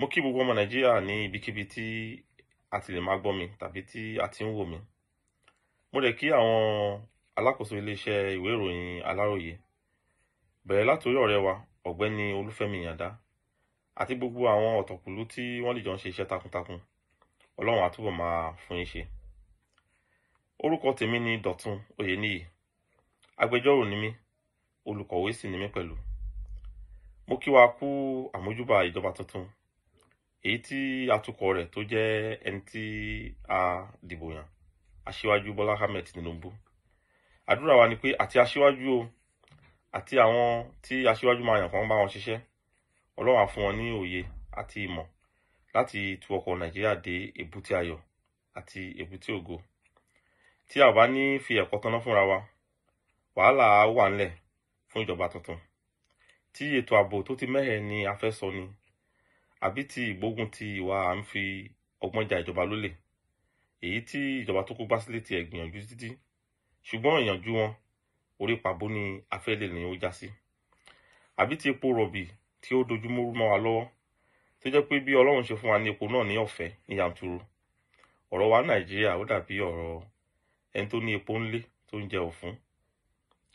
mo kí gbogbo ọmọ nàìjíríà ní ibikíbi tí a ti lè máa gbọ́ mi tàbí tí a ti ń wò mí mo lè kí àwọn alákòóso iléeṣẹ́ ìwé ìròyìn aláròye bẹ̀rẹ̀ látòrí ọ̀rẹ́ wa ọ̀gbẹ́ni olúfẹ́mi ìyàndá àti gbogbo àwọn ọ̀tọ̀kùlú tí wọ́n lè jọ ń ṣe iṣẹ́ takuntakun ọlọ́run àtúbọ̀ máa fún yín ṣe orúkọ tèmi ni dọ̀tun oyèníyì agbẹjọ́rò ni mí olùkọ̀wé sì ni mí pẹ̀lú mo kí wa kú àmójúbà ìjọba tuntun èyí tí atukọ̀ rẹ̀ tó jẹ́ ẹni tí a dìbò yàn aṣíwájú Bọ́lá Ahmed Tinubu àdúrà wa ni pé àti aṣíwájú o àti àwọn tí aṣíwájú máa yàn kàn bá wọn ṣiṣẹ́ Ọlọ́run á fún wọn ní òye àti ìmọ̀ láti tu ọkọ̀ Nàìjíríà dé èbúté ayọ̀ àti èbúté ògo tí a ò bá ní fi ẹ̀kọ́ tanná fúnra wa wàhálà wà ńlẹ̀ fún ìjọba tuntun tí ètò ààbò tó ti mẹ́hẹ̀ ni a fẹ́ sọ ni àbí ti ìgbógun ti ìwà à ń fi ọgbọ́n ja ìjọba lólè èyí tí ìjọba tó kó bá sílé tiẹ̀ gbìyànjú títí ṣùgbọ́n ìyànjú wọn orí pàbó ni afẹ́lẹ̀ ni ó já sí àbí ti epo rọ̀bì tí ó dojúmọ́rú mọ́ wa lọ́wọ́ tó jẹ́ pé bí ọlọ́run ṣe fún wa ní epo náà ní ọ̀fẹ́ ní yàntúrú ọ̀rọ̀ wa nàìjíríà ó dàbí ọ̀rọ̀ ẹni tó ní epo ńlé tó ń jẹ òfún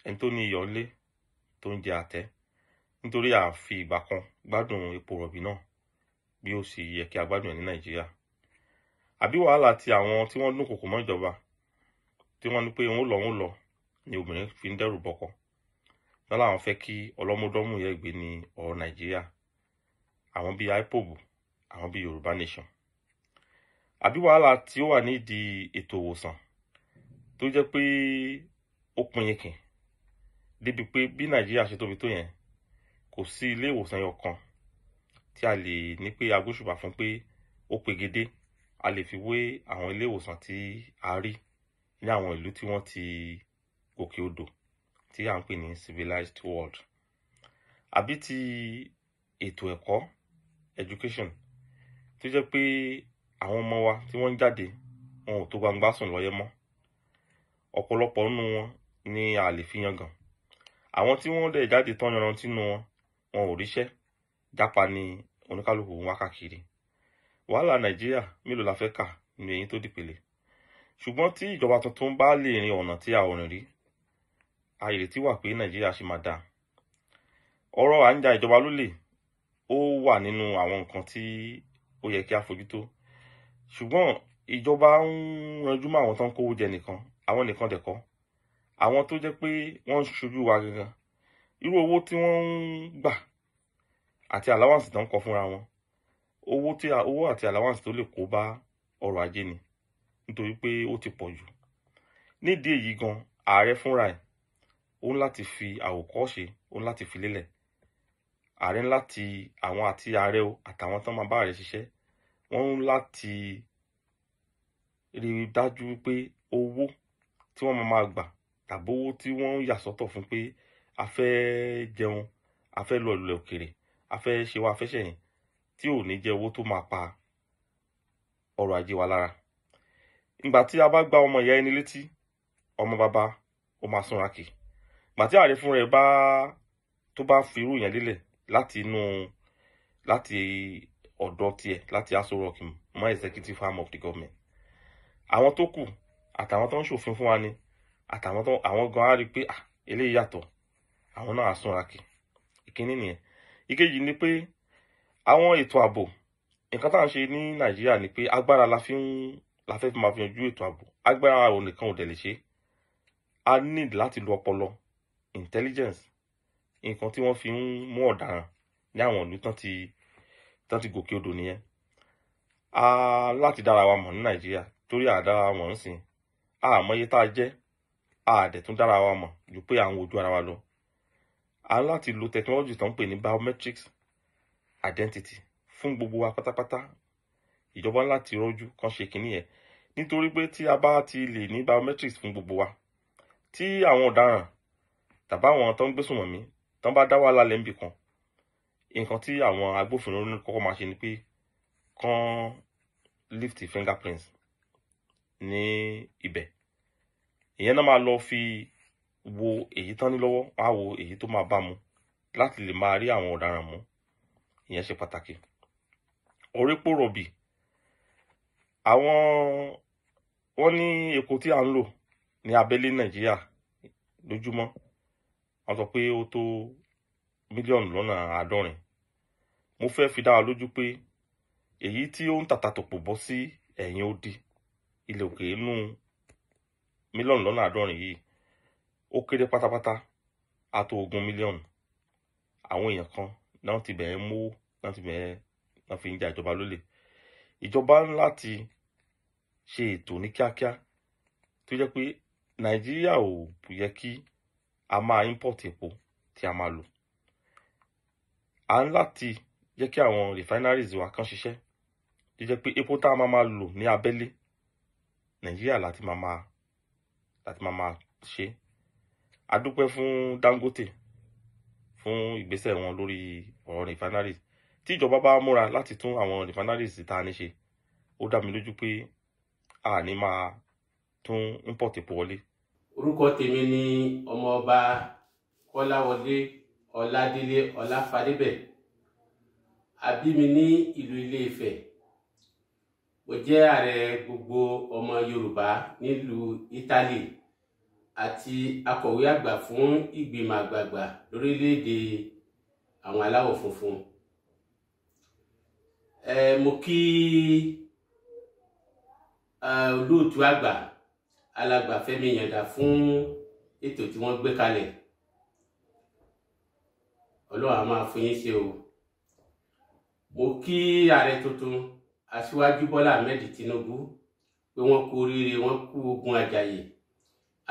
ẹni tó ní iyọ̀ ńlé tó ń jẹ àtẹ́ nítorí àfi ìgbà kan gbádùn epo rọ̀bì náà bí ó ṣe yẹ kí a gbádùn ẹ̀ ní nàìjíríà àbí wàhálà ti àwọn tí wọ́n dúnkòkò mọ́ ìjọba tí wọ́n ní pé òun lọ òun lọ ni obìnrin fi ń dẹ́rù bọ́kọ náà làwọn fẹ́ kí ọlọ́mọdọ́mù yẹ gbé ní ọ̀rọ̀ nàìjíríà àwọn bíi ipob àwọn bíi yorùbá nation àbí wàhálà tí ó wà nídìí ètò ìwòsàn tó jẹ́ pé ó pinyekin débi pé bí nàìjíríà ṣe tóbi tó yẹn kò sí ilé ìwòsàn yọ kan tí a lè ní pé agbóṣùbà fún pé ó pegedé a lè fi wé àwọn ilé ìwòsàn tí a rí ní àwọn ìlú tí wọ́n ti òkè odò tí à ń pè ní civilized world àbí ti ètò ẹ̀kọ́ education tó jẹ́ pé àwọn ọmọ wa tí wọ́n ń jáde wọn ò tó gbangba sùn lọ́yẹ́ mọ́ ọ̀pọ̀lọpọ̀ nínú wọn ni a lè fi yangàn àwọn tí wọ́n dẹ̀ jáde tán yanrantí nínú wọn wọn ò ríṣẹ́ jápa ni oníkálukú ń wá káàkiri wàhálà nàìjíríà mélòó la fẹ́ kà ní eyín tó dìpele ṣùgbọ́n tí ìjọba tuntun bá lè rin ọ̀nà tí a ò rìn rí àìrètí wà pé nàìjíríà ṣì máa dáa ọ̀rọ̀ à ń ja ìjọba lólè ó wà nínú àwọn nǹkan tí ó yẹ kí a fojú tó ṣùgbọ́n ìjọba ń ranjú mọ́ àwọn tó ń kówó jẹ nìkan àwọn nìkan dẹ̀kọ́ àwọn tó jẹ́ pé wọ́n ń ṣojú wa gangan irú owó tí wọ́n ń gbà àti allowance tó ń kọ fúnra wọn owó tí owó àti allowance tó lè kó bá ọrọ̀ ajé ni nítorí pé ó ti pọ̀ jù nídìí èyí gan ààrẹ fúnra ẹ̀ ó ń láti fi àwòkọ́ṣe ó ń láti fi lélẹ̀ ààrẹ ń láti àwọn àti ààrẹ o àtàwọn tó máa bá ààrẹ ṣiṣẹ́ wọ́n ń láti rí i dájú pé owó tí wọ́n máa gbà tàbí owó tí wọ́n ń yà sọ́tọ̀ fún pé a fẹ́ jẹun a fẹ́ lọ ìlú òkèrè afẹ́ ṣe wá afẹ́ṣẹ̀ yẹn tí ò ní jẹ́ owó tó máa pa ọrọ̀ ajé wa lára ìgbà tí a bá gba ọmọ ìyá ẹni létí ọmọ bàbá ó máa súnra kì ìgbà tí ààrẹ fúnra ẹ bá tó bá fi irú yẹn lélẹ̀ láti inú láti ọ̀dọ̀ tiẹ̀ láti Aso Rock mọ́ executive arm of the government àwọn tó kù àtàwọn tó ń ṣòfin fún wa ni àtàwọn tó àwọn gan á rí i pé ah, eléyìí yàtọ̀ àwọn náà á súnra kì ìkíní nìyẹn ìkejì ni pé àwọn ètò ààbò nǹkan tá à ń ṣe ní nàìjíríà ni pé agbára la fi ń la fẹ́ fi máa fi yanjú ètò ààbò agbára ò nìkan ò dẹ̀ lè ṣe a need láti lo ọpọlọ intelligence nǹkan tí wọ́n fi ń mú ọ̀daràn ní àwọn ìlú tán ti tán ti gòkè odò nìyẹn a láti dára wa mọ̀ ní nàìjíríà torí àdára wa mọ̀ ń sìn àmọ́ iye tá a jẹ́ àdẹ̀tún dára wa mọ̀ ju pé à ń ara wa lọ a láti lo technology tó ń pè ní biometrics identity fún gbogbo wa pátápátá ìjọba láti rọ́jú kan ṣe kínní yẹn nítorí pé tí a bá ti lè ní biometrics fún gbogbo wa tí àwọn ọ̀daràn tàbá àwọn tó ń gbé sùnmọ̀mí tán bá dá wà lálẹ́ níbì kan nǹkan tí àwọn agbófinró ní kọ́kọ́ máa ṣe ni pé kán lift fingerprints ní ibẹ̀ ìyẹn náà máa lọ fi wo èyí tán ní lọ́wọ́ wọ́n á wo èyí tó máa bá mu láti lè máa rí àwọn ọ̀daràn mú ìyẹn ṣe pàtàkì orí pò rọ̀bì àwọn wọ́n ní epo tí à ń lò ní abẹ́lé nàìjíríà lójúmọ́ wọ́n sọ pé ó tó mílíọ̀nù lọ́nà àádọ́rin mo fẹ́ fi dá lójú pé èyí tí ó ń tàtà tòpò bọ́ sí ẹ̀yìn odi ilẹ̀ òkè inú mílíọ̀nù lọ́nà àádọ́rin yìí ó kéré pátápátá á tó ogún mílíọ̀nù àwọn èèyàn kan náà ti bẹ̀rẹ̀ mówó náà ti bẹ̀rẹ̀ náà fi ń ja ìjọba lólè ìjọba ń láti ṣe ètò ní kíákíá tó jẹ́ pé nàìjíríà ò yẹ kí a máa import epo tí a máa lò à ń láti jẹ́ kí àwọn refineries wa kan ṣiṣẹ́ tó jẹ́ pé epo tá a máa máa lò ní abẹ́lé nàìjíríà láti máa máa láti máa máa ṣe é a dúpẹ́ fún Dangote fún ìgbésẹ̀ wọn lórí ọ̀rọ̀ refinery tí ìjọba bá múra láti tún àwọn refineries ta ní ṣe ó dá mi lójú pé a ní máa tún import epo wọlé. orúkọ tèmi ni ọmọọba kọ́láwọlé ọládélé ọláfadébẹ̀ a bí mi ní ìlú Ilé-Ifẹ̀ mo jẹ́ ààrẹ gbogbo ọmọ Yorùbá nílùú Italy àti akọ̀wé àgbà fún ìgbìmọ̀ àgbààgbà lórílẹ̀‐èdè àwọn aláwọ̀ funfun ẹ mo kí olóòtú àgbà alàgbà Fẹ́mi Ìyàndá fún ètò tí wọ́n gbé kalẹ̀ Ọlọ́run á máa fún yín ṣe o mo kí ààrẹ tuntun aṣíwájú Bọ́lá Ahmed Tinubu pé wọ́n kú oríire wọ́n kú ogun àjàyè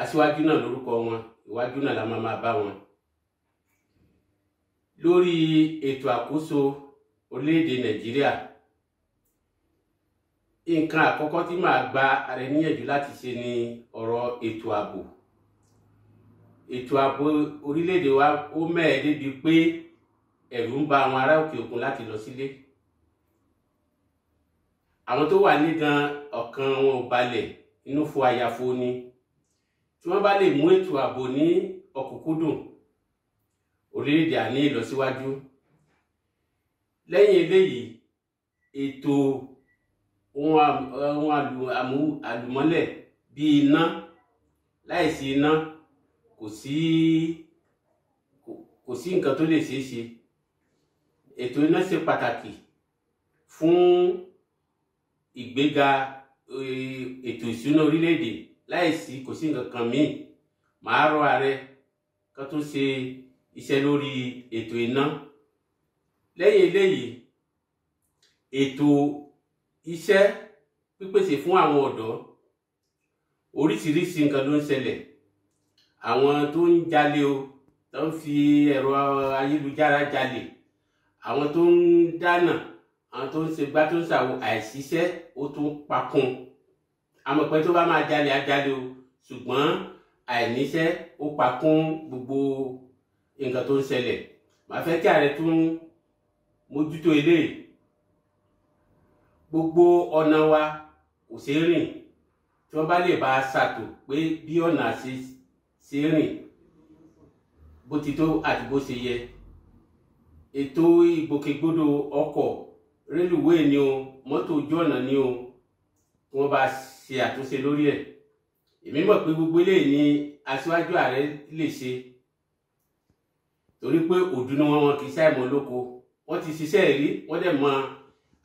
aṣíwájú náà lórúkọ wọn iwájú náà la máa máa bá wọn lórí ètò àkóso orílẹ̀-èdè nàìjíríà nǹkan àkọ́kọ́ tí màá gba ara níyànjú láti ṣe ni ọ̀rọ̀ ètò ààbò ètò ààbò orílẹ̀-èdè wa ó mẹ́ẹ̀ débi pé ẹ̀rù ń ba àwọn ará òkè òkun láti lọ sílé àwọn tó wà ní gan wọn ò balẹ̀ inú fo àyàfo ni tí wọ́n bá lè mú ètò ààbò ní ọ̀kúnkúndùn orílẹ̀-èdè á ní ìlọsíwájú lẹ́yìn eléyìí ètò ohun àlùmọ́lẹ̀ bíi iná láìsí iná kò sí kò sí nǹkan tó lè ṣeé ṣe ètò iná ṣe pàtàkì fún ìgbéga eh, ètò ìṣúná orílẹ̀-èdè láìsí kò sí nǹkan kan míì màá rọ ààrẹ kan tó ṣe iṣẹ́ lórí ètò iná lẹ́yìn eléyìí ètò iṣẹ́ pípèsè fún àwọn ọ̀dọ́ oríṣiríṣi nǹkan ló ń ṣẹlẹ̀ àwọn tó ń jalè o tó ń fi ẹ̀rọ ayélujára jalè àwọn tó ń dáná àwọn tó ń ṣe gbá tó ń ṣàwọ àìsíṣẹ́ ó tún pakun àmọ́ pé tó bá máa jalè ajalè o ṣùgbọ́n àìníṣẹ́ ó pa kún gbogbo nǹkan tó ń ṣẹlẹ̀ màá fẹ́ kí ààrẹ tún mójútó eléyìí gbogbo ọ̀nà wa kò ṣe é rìn tí wọ́n bá lè bá a ṣàtò pé bí ọ̀nà ṣe ṣe rìn bó ti tó àti bó ṣe yẹ ètò ìgbòkègbodò ọkọ̀ rélùwéè ni o mọ́tò ojú ọ̀nà ni o kí wọ́n bá ṣe àtúnṣe lórí ẹ̀ èmi mọ̀ pé gbogbo eléyìí ni aṣíwájú ààrẹ lè ṣe torí pé òdùnú wọn wọn kì í ṣàìmọ̀ lóko wọ́n ti ṣiṣẹ́ rí wọ́n dẹ̀ mọ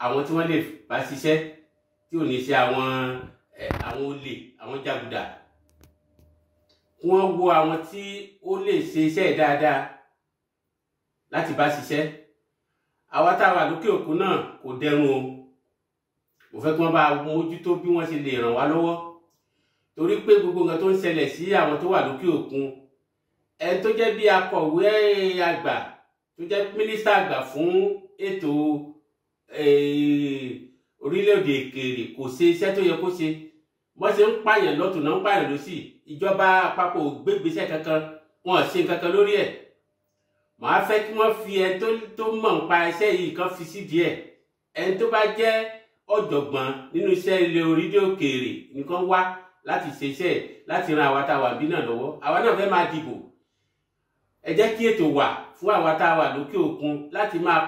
àwọn tí wọ́n lè bá ṣiṣẹ́ tí ò ní ṣe àwọn àwọn olè àwọn jàgùdà wọ́n wo àwọn tí ó lè ṣe iṣẹ́ dáadáa láti bá ṣiṣẹ́ àwa tá a wà lókè òkun náà kò dẹrùn o mo fẹ́ kí wọ́n bá mójútó bí wọ́n ṣe lè ràn wá lọ́wọ́ torí pé gbogbo nǹkan tó ń ṣẹlẹ̀ sí àwọn tó wà lókè òkun ẹni tó jẹ́ bí akọ̀wé àgbà tó jẹ́ mínísítà àgbà fún ètò orílẹ̀-èdè èkèrè kò ṣe iṣẹ́ tó yẹ kó ṣe wọ́n ṣe ń pààyàn lọ́tún náà ń pààyàn lọ́sì ìjọba àpapọ̀ ò gbégbèsè kankan wọn ò ṣe kankan lórí ẹ̀ màá fẹ́ kí wọ́n fi ẹni tó mọ̀ nípa iṣẹ́ yìí kan fi sídìí ẹ̀ ẹni tó bá jẹ́ ọ̀jọ̀gbọ́n nínú iṣẹ́ ilé orílẹ̀ òkèèrè nìkan wá láti ṣe iṣẹ́ láti ran àwa tá a wà bí náà lọ́wọ́ àwa náà fẹ́ máa dìbò ẹ jẹ́ kí ètò wà fún àwa tá a wà lókè òkun láti máa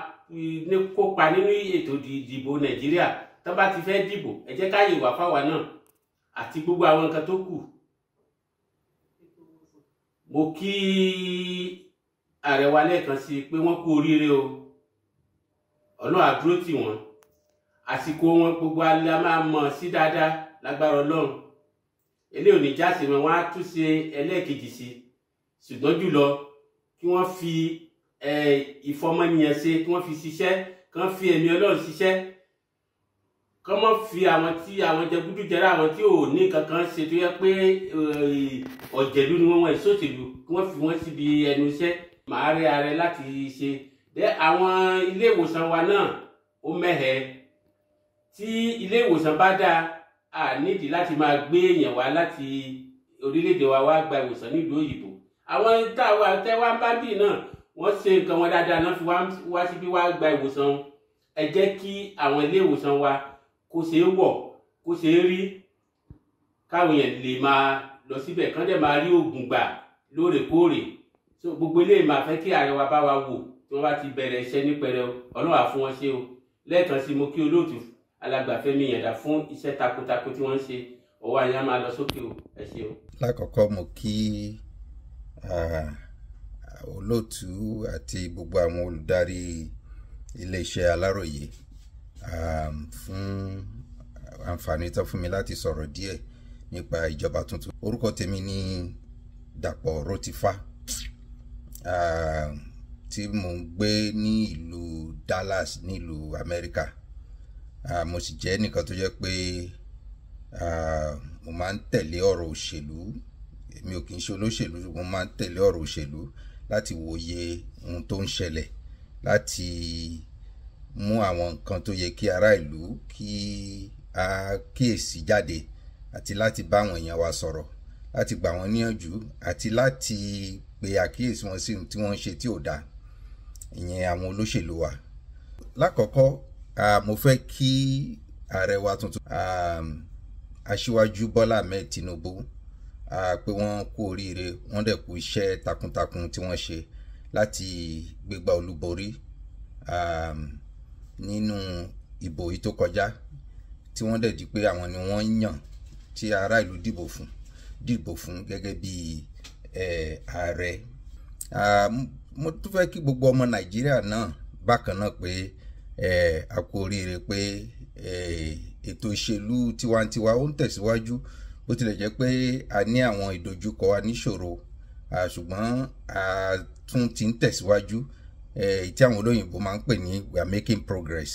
kópa nínú ètò ìdìbò Nàìjíríà tó bá ti fẹ́ dìbò ẹ jẹ́ káyè wà fáwa náà àti gbogbo àwọn nǹkan tó kù mo kí ààrẹ wa lẹ́ẹ̀kan sí i pé wọ́n kú oríire o ọlọ́run á tì wọ́n àsìkò wọn gbogbo alẹ́ a máa mọ̀ sí dáadáa lágbára ọlọ́run eléyìí ò ní jáse wọn wọn á tún ṣe ẹlẹ́ẹ̀kejì sí ṣùgbọ́n jùlọ kí wọ́n fi ìfọmọnìyàn ṣe kí wọ́n fi ṣiṣẹ́ kí wọ́n fi ẹ̀mí ọlọ́run ṣiṣẹ́ kí wọ́n fi àwọn tí àwọn jẹgúdújẹrá àwọn tí ò ní kankan ṣe tó yẹ pé ọ̀jẹ̀lú ni wọ́n wọ́n ìṣòṣèlú kí wọ́n fi wọ́n síbi ẹnu iṣẹ́ màá rẹ ara láti ṣe àwọn ilé ìwòsàn wa náà ó mẹ́hẹ̀ẹ́ tí ilé ìwòsàn bá dáa a nídìí láti máa gbé èèyàn wá láti orílẹ̀-èdè wa wá gba ìwòsàn nílùú òyìnbó àwọn táwa tẹ́wá ń bá bì náà wọ́n ṣe nǹkan wọn dáadáa náà fi wá síbí wá gba ìwòsàn ẹ jẹ́ kí àwọn ilé ìwòsàn wa kó ṣe é wọ̀ kó ṣe é rí káwọn èèyàn lè máa lọ síbẹ̀ kán dẹ̀ máa rí oògùn gbà lóòrèkóòrè so gbogbo ilé ìmọ̀ fẹ́ kí ààrẹ wa bá wa wò tí wọ́n bá ti bẹ̀rẹ̀ iṣẹ́ ní pẹrẹu ọlọ́wà fún wọn ṣe o lẹ́ẹ̀kan sí mo kí olóòtú alágbàfẹ́mi ìyàndá fún iṣẹ́ takuntakun tí wọ́n ń ṣe ọwọ́ àyàn máa lọ sókè o ẹ ṣeun. lákọ̀ọ́kọ́ mo kí olóòtú àti gbogbo àwọn olùdarí iléeṣẹ́ aláròye fún àǹfààní tán fún mi láti sọ̀rọ̀ díẹ̀ nípa ìjọba tuntun orúkọ tèmi ni Dàpọ̀ Rótífá tí mò ń gbé ní ìlú Dallas nílùú Amẹ́ríkà mo sì jẹ́ ẹnìkan tó jẹ́ pé mo máa ń tẹ̀lé ọ̀rọ̀ òṣèlú èmi ò kì í ṣe olóṣèlú ṣùgbọ́n mo máa ń tẹ̀lé ọ̀rọ̀ òṣèlú láti wòye ohun tó ń ṣẹlẹ̀ láti mú àwọn nǹkan tó yẹ kí ará ìlú kí a kíyèsí jáde àti láti bá àwọn èèyàn wa sọ̀rọ̀ láti gbà wọ́n níyànjú àti láti pe àkíyèsí wọn sí ohun tí wọ́n ń ṣe tí ò dáa ìyẹn àwọn olóṣèlú wa. lákọ̀ọ́kọ́ mo fẹ́ kí ààrẹ wa tuntun aṣíwájú Bọ́lá Ahmed Tinubu pé wọ́n kú oríire wọ́n dẹ̀ kú iṣẹ́ takuntakun tí wọ́n ṣe láti gbégbá olúborí nínú ìbò yìí tó kọjá tí wọ́n dẹ̀ di pé àwọn ni wọ́n yàn tí ará ìlú dìbò fún dìbò fún gẹ́gẹ́ bí ààrẹ mo tún fẹ́ kí gbogbo ọmọ Nàìjíríà náà bákan náà pé a kú oríire pé ètò ìṣèlú tiwantiwa ó ń tẹ̀síwájú bó tilẹ̀ jẹ́ pé a ní àwọn ìdojúkọ a níṣòro ṣùgbọ́n a tún ti ń tẹ̀síwájú tí àwọn olóyìnbó máa ń pè ní we are making progress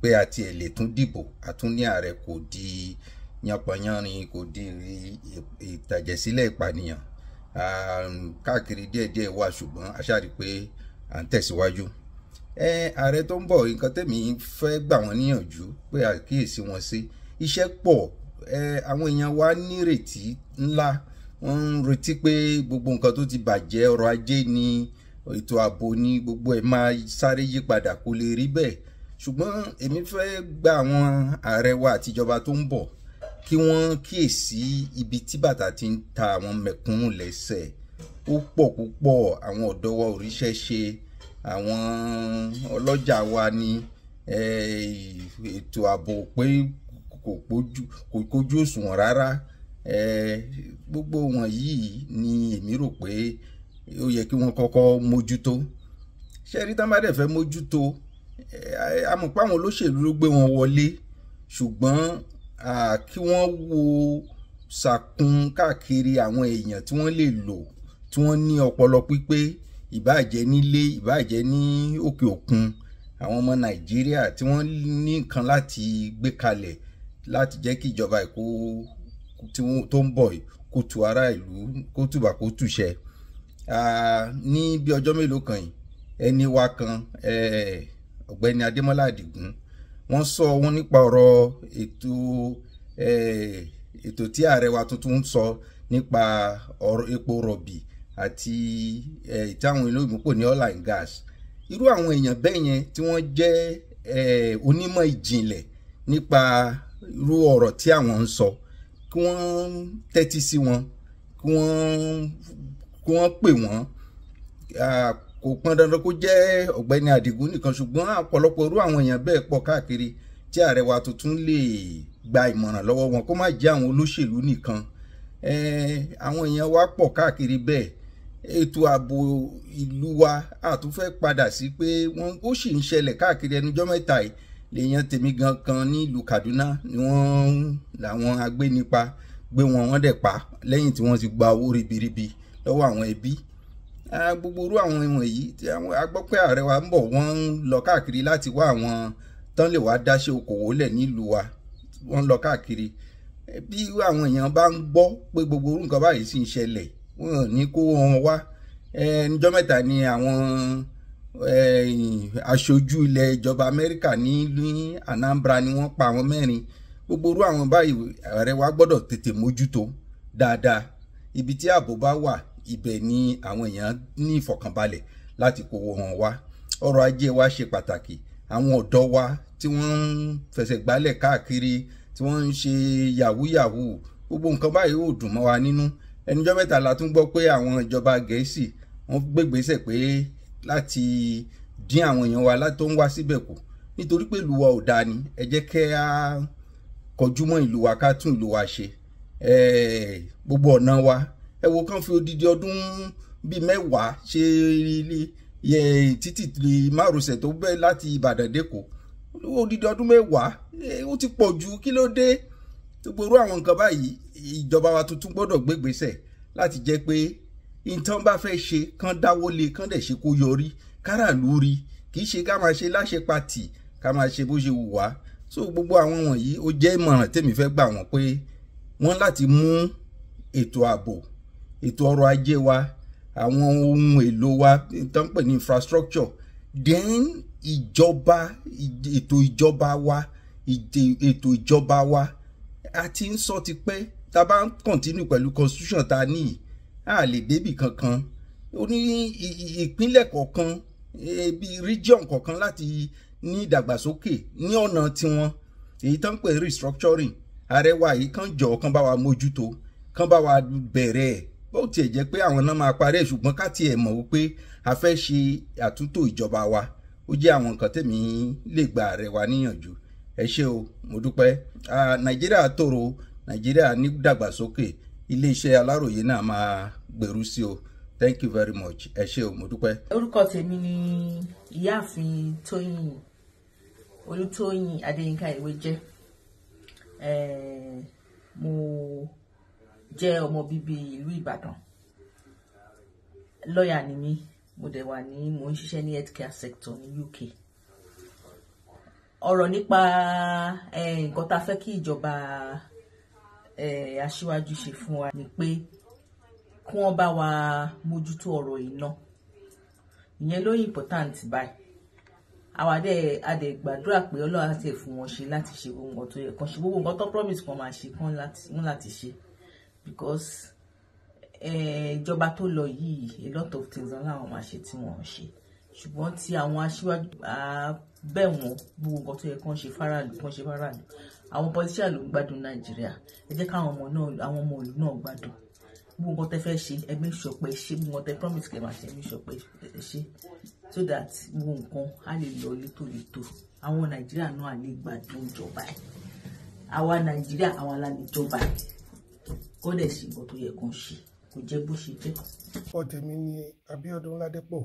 pé a tiẹ̀ lè tún dìbò a tún ní ààrẹ kò di yánpọnyánrin kò di ìtàjẹ̀sílẹ̀ ìpànìyàn káàkiri díẹ̀díẹ̀ wà ṣùgbọ́n a ṣáà rí i pé à ń tẹ̀síwájú ẹ ààrẹ tó ń bọ̀ nǹkan tẹ̀mí fẹ́ gbà wọ́n níyànjú pé àkíyèsí wọn sí iṣẹ́ pọ̀ ẹ àwọn èèyàn wa nírètí ńlá wọ́n ń retí pé gbogbo nǹkan tó ti bàjẹ́ ọrọ̀ ajé ni ètò ààbò ni gbogbo ẹ̀ máa sáré yí padà kó lè rí bẹ́ẹ̀ ṣùgbọ́n èmi fẹ́ gba àwọn ààrẹ wa àtijọba tó ń bọ̀ kí wọ́n kíyèsí ibi tí bàtà ti ń ta àwọn mẹ̀kúnnù lẹ́sẹ̀ ó pọ̀ púpọ̀ àwọn ọ̀dọ́ wa ò ríṣẹ́ àwọn ọlọ́jà wa ni ètò ààbò pé kò kójú òṣùwọ̀n rárá gbogbo wọn yìí ni èmi rò pé ó yẹ kí wọ́n kọ́kọ́ mójútó ṣé rí tán bá dẹ̀ fẹ́ mójútó amọ̀pá àwọn olóṣèlú ló gbé wọn wọlé ṣùgbọ́n kí wọ́n wo sàkún káàkiri àwọn èèyàn tí wọ́n lè lò tí wọ́n ní ọpọlọ pípé ìbáàjẹ́ nílé ìbáàjẹ́ ní òkè òkun àwọn ọmọ nàìjíríà tí wọ́n ní nǹkan láti gbé kalẹ̀ láti jẹ́ kí ìjọba èkó tó ń bọ̀ kó tu ará ìlú kó tùbà kó tùṣẹ́ ní bí ọjọ́ mélòó kan yìí ẹni wa kan ọ̀gbẹ́ni adémọ́lá àdìgún wọ́n sọ wọ́n nípa ọ̀rọ̀ ètò ètò tí ààrẹ wa tuntun ń sọ nípa epo rọ̀bì àti ìtàwọn olóògùn pò ní oil and gas irú àwọn èèyàn bẹ́ẹ̀ yẹn tí wọ́n jẹ́ onímọ̀ ìjìnlẹ̀ nípa irú ọ̀rọ̀ tí àwọn ń sọ kí wọ́n tẹ́tí sí wọn kí wọ́n pè wọ́n kò pọn dandan kó jẹ́ ọ̀gbẹ́ni Àdìgún nìkan ṣùgbọ́n ọ̀pọ̀lọpọ̀ irú àwọn èèyàn bẹ́ẹ̀ pọ̀ káàkiri tí ààrẹ wa tuntun lè gba ìmọ̀ràn lọ́wọ́ wọn kó má jẹ́ àwọn olóṣèlú nìkan àwọn èèyàn wa pọ̀ káàkiri bẹ́ẹ̀ ètò ààbò ìlú wa àtúnfẹ́ padà sí pé wọ́n ó sì ń ṣẹlẹ̀ káàkiri ẹnujọ́ mẹ́ta yìí lèèyàn tèmi gan kan nílùú Kaduna ni wọ́n làwọn agbénipa gbé wọn wọ́n dẹ̀ pa lẹ́yìn tí wọ́n ti gba owó ribiribi lọ́wọ́ àwọn ẹbí gbogbo irú àwọn wọ̀nyí tí a gbọ́ pé ààrẹ wa ń bọ̀ wọ́n ń lọ káàkiri láti wá àwọn tán lè wá dáṣẹ́ okòwò lẹ̀ nílùú wa wọ́n ń lọ káàkiri bí àwọn èèyàn bá ń gbọ́ pé gbogbo irú nǹkan báyìí sì ń ṣẹlẹ̀ wọn ò ní kó wọn wá níjọ́ mẹ́ta ni àwọn aṣojú ilẹ̀ ìjọba Amẹ́ríkà ní Anambra ni wọ́n pa àwọn mẹ́rin gbogbo àwọn báyìí ààrẹ wa gbọ́dọ̀ tètè mójútó dáadáa ibi tí ààbò bá wà ibẹ̀ ni àwọn èèyàn ní ìfọ̀kànbalẹ̀ láti kó wọn wá ọrọ̀ ajé wa ṣe pàtàkì àwọn ọ̀dọ́ wa tí wọ́n ń fẹsẹ̀ gbálẹ̀ káàkiri tí wọ́n ń ṣe yàwúyàwú gbogbo nǹkan báyìí ò dùn mọ́ wa nínú ẹnujọ́ mẹ́ta la tún gbọ́ pé àwọn ìjọba gẹ̀ẹ́sì wọ́n gbégbésẹ̀ pé láti dín àwọn èèyàn wa tó ń wá síbẹ̀ kù nítorí pé ìlú wa ò dáa ni ẹ jẹ́ kẹ́ á kọjú mọ́ ìlú wa ká tún ìlú wa ṣe gbogbo ọ̀nà wa ẹ wo kán fi odidi ọdún bíi mẹ́wàá ṣe yẹ títì márosẹ̀ tó bẹ́ láti Ìbàdàn dẹ́kọ̀ odidi ọdún mẹ́wàá ó ti pọ̀ ju kí ló dé gbogbo irú àwọn nǹkan báyìí ìjọba wa tuntun gbọ́dọ̀ gbégbèsè láti jẹ́ pé nǹkan bá fẹ́ ṣe kán dáwọ́ lé kán dẹ̀ ṣe kó yọrí káràlú rí kì í ṣe ká máa ṣe láṣepatì ká máa ṣe bó ṣe wù wá so gbogbo àwọn wọ̀nyí ó jẹ́ ìmọ̀ràn tèmi fẹ́ gbà wọ́n pé wọ́n láti mú ètò ààbò ètò ọrọ̀ ajé wa àwọn ohun èlò wa tó pè ní infrastructure then ìjọba ètò ìjọba wa ètò ìjọba wa a ti ń sọ ti pẹ́ tá a bá ń kọ̀ntínú pẹ̀lú constitution tá a ní yìí a lè débì kankan ó ní ìpínlẹ̀ kọ̀ọ̀kan bí region kọ̀ọ̀kan láti ní ìdàgbàsókè ní ọ̀nà tiwọn èyí tán ń pè restructuring ààrẹ wa yìí kàn jọ kàn bá wa mójútó kàn bá wa bẹ̀rẹ̀ ẹ̀ bó tiẹ̀ jẹ́ pé àwọn náà máa parí ẹ̀ ṣùgbọ́n ká tiẹ̀ mọ̀ wípé a fẹ́ ṣe àtúntò ìjọba wa ó jẹ́ àwọn nǹkan tẹ̀mí lè gba ààrẹ wa níyànjú ẹ ṣé o mo dúpẹ́ nàìjíríà tòrò nàìjíríà ní dàgbàsókè iléeṣẹ́ aláròye náà máa gbèrú sí o thank you very much ẹ ṣé o mo dúpẹ́. orúkọ tèmi ni ìyáàfin tóyìn olùtóyìn adéyínká ìwé jẹ mo jẹ ọmọ bíbí ìlú ìbàdàn lọ́ọ̀yà ni mí mo dẹ̀ wà ní mo ń ṣiṣẹ́ ní healthcare sector ní UK ọ̀rọ̀ nípa nǹkan tá a fẹ́ kí ìjọba aṣíwájú ṣe fún wa ni pé kí wọ́n bá wa mójútó ọ̀rọ̀ iná ìyẹn ló important báyìí àwa dẹ adẹ gbàdúrà pé Ọlọ́run àti ẹ̀fún wọn ṣe láti ṣe gbogbo nǹkan tó yẹ kan ṣe gbogbo nǹkan tó promise kan máa ṣe kan láti ṣe because ìjọba tó lọ yìí a lot of things láwọn máa ṣe tí wọ́n ń ṣe ṣùgbọ́n ti àwọn aṣíwájú bẹ́ẹ̀ wọ́n gbogbo nǹkan tó yẹ kán ṣe fáráàlú kán ṣe fáráàlú àwọn politician ló ń gbádùn nàìjíríà ẹ jẹ́ káwọn ọmọ náà àwọn ọmọ ìlú náà gbádùn gbogbo nǹkan tẹ́ fẹ́ ṣe ẹ make sure pé ṣe gbogbo nǹkan tẹ́ promise kẹ́ máa ṣe make sure pé ẹ ṣe so that gbogbo nǹkan á lè lọ létòlétò àwọn nàìjíríà náà lè gbádùn ìjọba ẹ̀ àwa nàìjíríà àwa la lè jọba ẹ̀ kó dẹ̀ ṣe nǹkan tó yẹ kán ṣe kó jẹ́ bó ṣe jẹ́. ọ̀tẹ̀ mi ni Abíọ́dún Ládépọ̀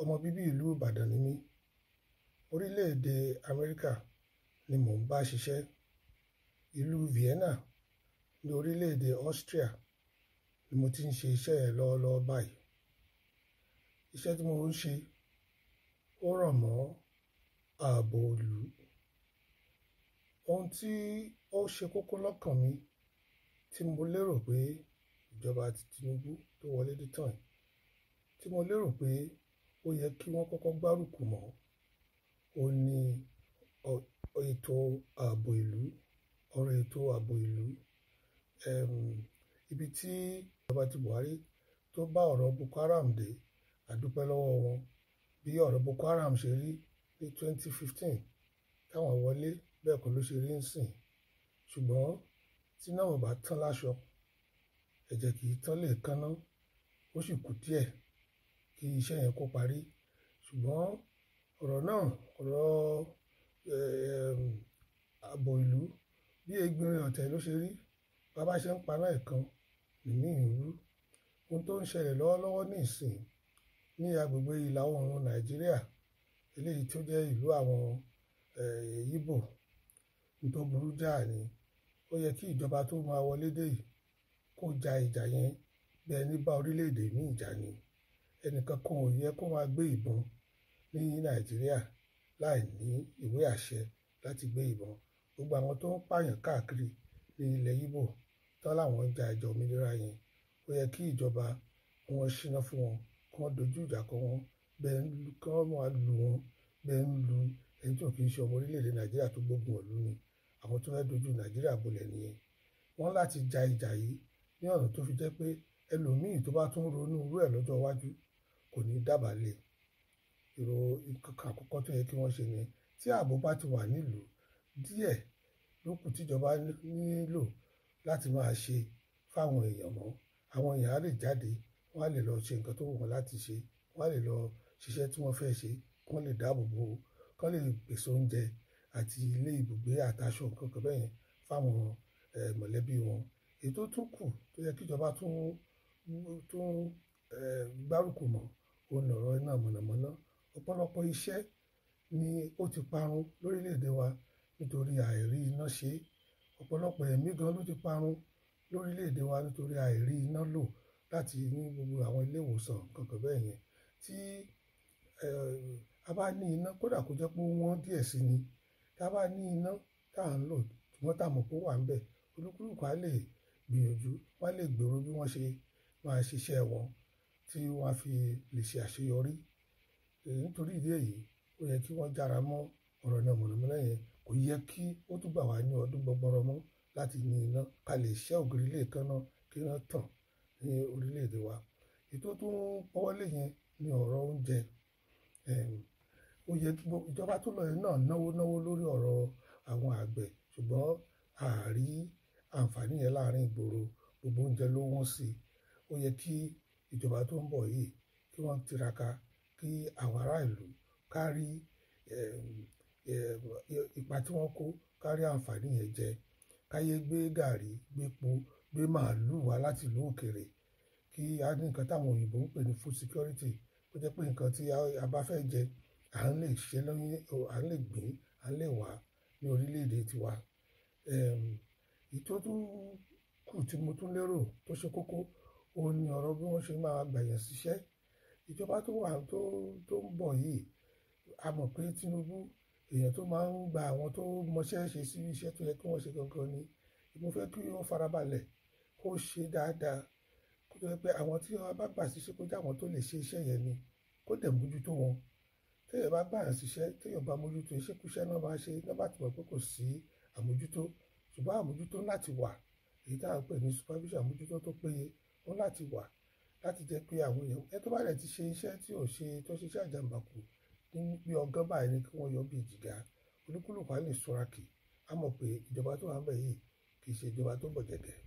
ọmọ bíbí ìlú ìbàdàn ni mí orílẹ̀-èdè amẹ́ríkà ni mò ń bá ṣiṣẹ́ ìlú vienna ní orílẹ̀-èdè austria ni mo ti ń ṣe iṣẹ́ ẹ̀ lọ́ọ́lọ́ọ́ báyìí iṣẹ́ tí mo ń ṣe ó ràn mọ́ ààbò ìlú ohun tí ó ṣe kókó lọ́kàn mi tí mo lérò pé ìjọba Tinubu tó wọlé dé tán tí mo lérò pé ó yẹ kí wọ́n kọ́kọ́ gbárùkù mọ́ ó ní ètò ààbò ìlú ọ̀rọ̀ ètò ààbò ìlú ibi tí ìjọba ti Buhari tó bá ọ̀rọ̀ Boko Haram dé àdúpẹ́ lọ́wọ́ wọn bí ọ̀rọ̀ Boko Haram ṣe rí ní 2015 táwọn wọlé bẹ́ẹ̀ kọ́ ló ṣe rí ń sìn ṣùgbọ́n tí náà bá tán láṣọ ẹ̀jẹ̀ kì í tán lè kánná ó sì kù díẹ̀ kí iṣẹ́ yẹn kó parí ṣùgbọ́n ọ̀rọ̀ náà ọ̀rọ̀ ààbò ìlú bí egbìnrin ọ̀tẹ̀ ló ṣe rí bàbá ṣe ń paná ẹ̀kan nìmí ìrú ohun tó ń ṣẹlẹ̀ lọ́wọ́lọ́wọ́ ní ìsìn ní agbègbè ìlà oòrùn nàìjíríà eléyìí tó jẹ́ ìlú àwọn yíbò tó burú jáà ni ó yẹ kí ìjọba tó máa wọlé dé yìí kó ja ìjà yẹn bẹ́ẹ̀ ní bá orílẹ̀-èdè ní ìjà ni ẹnìkan kan ò yẹ kó máa gbé ìbọn ní nàìjíríà láì ní ìwé àṣẹ láti gbé ìbọn gbogbo àwọn tó ń pààyàn káàkiri ní ilẹ̀ Ìgbò tán láwọn ń ja ìjọ òmìnira yẹn ó yẹ kí ìjọba wọn ṣíná fún wọn kí wọ́n dojú ìjà kọ wọn bẹ́ẹ̀ kí wọ́n máa lu wọn bẹ́ẹ̀ ń lu ẹni tí ò kì í ṣe ọmọ orílẹ̀-èdè nàìjíríà tó gbógun ọ̀lú ni àwọn tó fẹ́ dojú nàìjíríà bolẹ̀ nìyẹn wọ́n láti ja ìjà yìí ní ọ̀nà tó fi jẹ́ pé ẹlòmíì tó bá tún ronú irú ẹ̀ lọ́jọ́ iwájú kò ní dábàá lé ìrò àkọ́kọ́ tó yẹ kí wọ́n ṣe ni tí ààbò bá ti wà nílùú díẹ̀ lókù tíjọba nílò láti máa ṣe fáwọn èèyàn mọ́ àwọn èèyàn á lè jáde wọ́n á lè lọ ṣe nǹkan tó wù wọ́n láti ṣe wọ́n á lè lọ ṣiṣẹ́ tí wọ́n fẹ́ ṣe kán lè dáàbò bo kán lè pèsè oúnjẹ àti ilé ibùgbé àtàṣọ nǹkan kan bẹ́yẹn fáwọn mọ̀lẹ́bí wọn èyí tó kù tó yẹ kíjọba tún gbárùkù mọ́ òun lọ̀rọ̀ iná mọ̀nàmọ́ná ọ̀pọ̀lọpọ̀ iṣẹ́ ni ó ti parun lórílẹ̀‐èdè wa nítorí àìrí iná ṣe ọ̀pọ̀lọpọ̀ ẹ̀mí gan ló ti parun lórílẹ̀‐èdè wa nítorí àìrí iná lò láti ní gbogbo àwọn ilé ìwòsàn kankan bẹ́ẹ̀ yẹn tí a bá ní iná kódà kó jẹ́ pé wọ́n díẹ̀ sí ni tá a bá ní iná tá à ń lò ṣùgbọ́n tá a mọ̀ pé ó wà ń bẹ̀ olúkúlùkù á lè gbìyànjú wọ́n á lè gbèrò bí wọ́n ṣe máa ṣiṣẹ́ wọn tí wọ́n fi lè ṣe àṣeyọrí nítorí ìdí èyí ó yẹ kí wọ́n jára mọ́ ọ̀rọ̀ náà mọ̀nàmọ́ná yẹn kò yẹ kí ó tún gbà wá ní ọdún gbọgbọrọ mọ́ láti ní iná ká lè ṣẹ́ ògiri lè kan kí iná tàn ní orílẹ̀ wa ètò tó ń pọ́wọ́lé yẹn ni ọ̀rọ̀ oúnjẹ ó yẹ ìjọba tó lọ yẹn náà náwó náwó lórí ọ̀rọ̀ àwọn àgbẹ̀ ṣùgbọ́n àárí àǹfààní yẹn láàrin ìgboro gbogbo oúnjẹ ló wọ́n sí ó yẹ kí ìjọba tó ń bọ̀ yìí kí wọ́n tiraka kí àwọn ará ìlú kárí eh, eh, ipa tí wọ́n kó kárí àǹfààní yẹn jẹ káyé gbé gàrí gbépo gbé màálùú wá láti ìlú òkèrè kí a ní nǹkan táwọn òyìnbó ń pè ní food security ó jẹ́ pé nǹkan tí a bá fẹ́ jẹ à ń lè ṣe lóyún à ń lè gbìn à ń lè wà ní orílẹ̀-èdè tiwa ehm, ìtọ́jú kù tí mo tún lérò tó ṣe kókó òun ni ọ̀rọ̀ bí wọ́n ṣe máa gbàyàn síṣẹ́ ìjọba tó wà tó tó ń bọ̀ yìí a mọ̀ pé Tinubu èèyàn tó máa ń gba àwọn tó mọṣẹ́ ṣe sí iṣẹ́ tó yẹ kí wọ́n ṣe gangan ni mo fẹ́ kí wọ́n farabalẹ̀ kó ṣe dáadáa kó tó yẹ pé àwọn tí wọ́n bá gbà síṣẹ́ kó jẹ́ àwọn tó lè ṣe iṣẹ́ yẹn ni kó dẹ̀ mójútó wọn téèyàn bá gbà síṣẹ́ téèyàn bá mójútó iṣẹ́kúṣẹ́ náà bá ṣe náà bá ti pé kò sí àmójútó ṣùgbọ́n àmójútó láti wà èyí tá pè ní supervision àmójútó tó péye ó láti wà láti jẹ́ pé àwọn èèyàn ẹ tó bá rẹ̀ ti ṣe iṣẹ́ tí ò ṣe tó ṣe iṣẹ́ àjàmbákù ní bí ọgán báyìí ni kí wọ́n yọ bí ìjìgá oníkúlùkù á lè súnra kì á mọ̀ pé ìjọba tó wà ń bẹ̀ yìí kì í ṣe ìjọba tó bọ̀jẹ̀dẹ̀